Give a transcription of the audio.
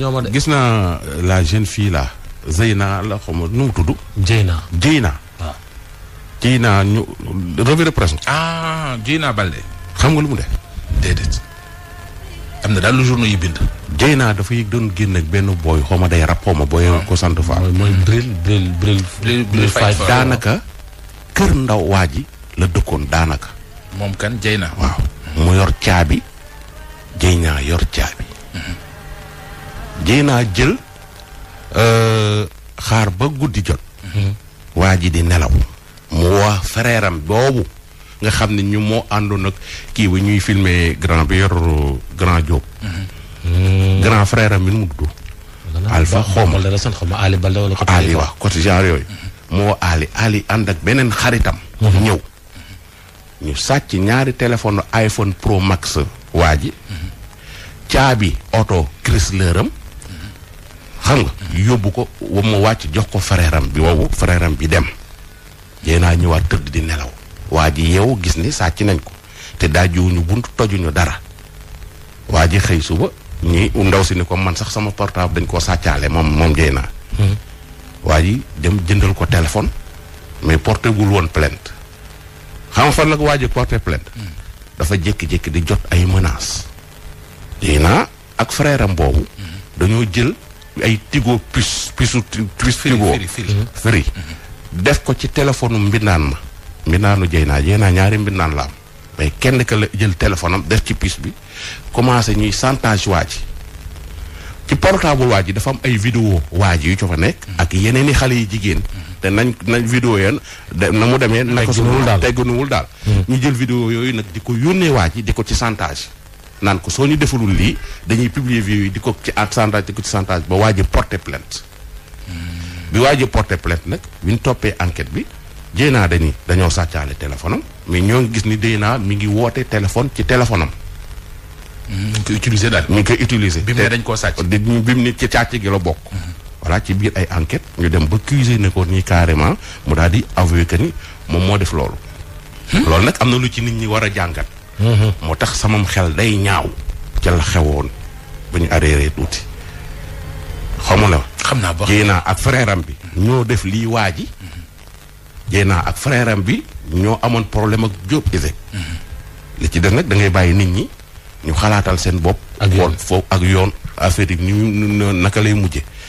ñooma gis naa euh, la jeune fila là Zeyna la xaw ma nu mu tudd. Jeyna Jeyna. waaw ah. Jeyna ñu revue de presse. ah Balde. xam nga lu mu def. déedéet. am na daal lu journaux yi bind. Jeyna dafay doon génn benn booy xaw ma day rap ma booy ko sant Faal. mooy mooy Bril Bril Bril. Bril Faye daanaka. kër ndaw waa ji la dëkkoon daanaka. moom kan Jeyna. waaw mu yor caabi Jeyna yor caabi. ji naa jël euh, xaar ba guddi jot. Mhm. waa ji di nelaw. mu waa frère boobu nga xam ne ñu moo àndoon ak kii bi ñuy filmer grand bi yor euh, grand Diop. Mhm. grand frère am nu mu tudd. Alpha xawma la sant xawma Ali Balde mhm. Ali ànd ak beneen xaritam. ñëw ñu sàcc ñaari téléphone iPhone Pro Max. waa ji caabi oto Chrysler am xam nga yóbbu ko wa mu wàcc jox ko fareeram bi woowu fareeram bi dem yéen naa ñëwaat tëdd di nelaw waa ji yeewu gis ni sàcc nañ ko te daajuwuñu bunt tojuñu dara waa ji xëy suba ñi ndaw si ni ko man sax sama portable dañ koo sàccaale moom moom jey naa hmm. waa ji dem jëndal ko téléphone mais porté gul woon plainte xam fan nag ko waa ji porté plainte hmm. dafa jékki-jékki di jot ay mënaas jey naa ak frèram boobu hmm. dañoo jël ay tigo puce puce puce tigo mm-hmm. firi def ko ci téléphone mbindaan ma mbindaanu jey naa jey naa ñaari mbindaan laa mais kenn ka la jël téléphone am def ci puce bi commencé ñuy chantage waa ji ci portable waa ji dafa ay vidéo waa ji yu co nekk mm-hmm. ak yeneen i xale yi jigéen mm-hmm. te nañ nañ vidéo yeen na mu demee naka su teggunuwul daal ñu jël vidéo yooyu nag di ko yónnee waa ji di ko ci chantage naan ko soo ñu defalul lii dañuy publier vidéo yi di ko ci chantage di ko ci chantage ba waa ji porté plainte bi waa ji porté plainte nag bi ñu toppee enquête bi Dieyna dañi dañoo sàccaale téléphone mais ñoo ngi gis ni Dieyna mi ngi woote téléphone ci téléphone mm-hmm. utiliser daal mi ngi koy utiliser. bi mu ne dañ koo sàcc bi mu ne ci càcc gi la bokk. Mm-hmm. voilà ci biir ay enquête ñu dem ba cuisé ne ko nii carrément mu daal di avoué ni moom moo def loolu. Hmm? loolu nag am na lu ci nit ñi war a jàngat. Mm-hmm. moo tax samam xel day ñaaw ca la xewoon ba ñu arrêté tuuti xamu la xam naa ba jéenaa ak frère bi mm-hmm. ñoo def lii waa ji mm-hmm. jéenaa ak frère bi ñoo amoon problème ak Diop Iseg li ci def nag da ngay bàyyi nit ñi ñu xalaatal seen bopp. ak yoon foofu ak yoon affaire yi ni naka lay mujje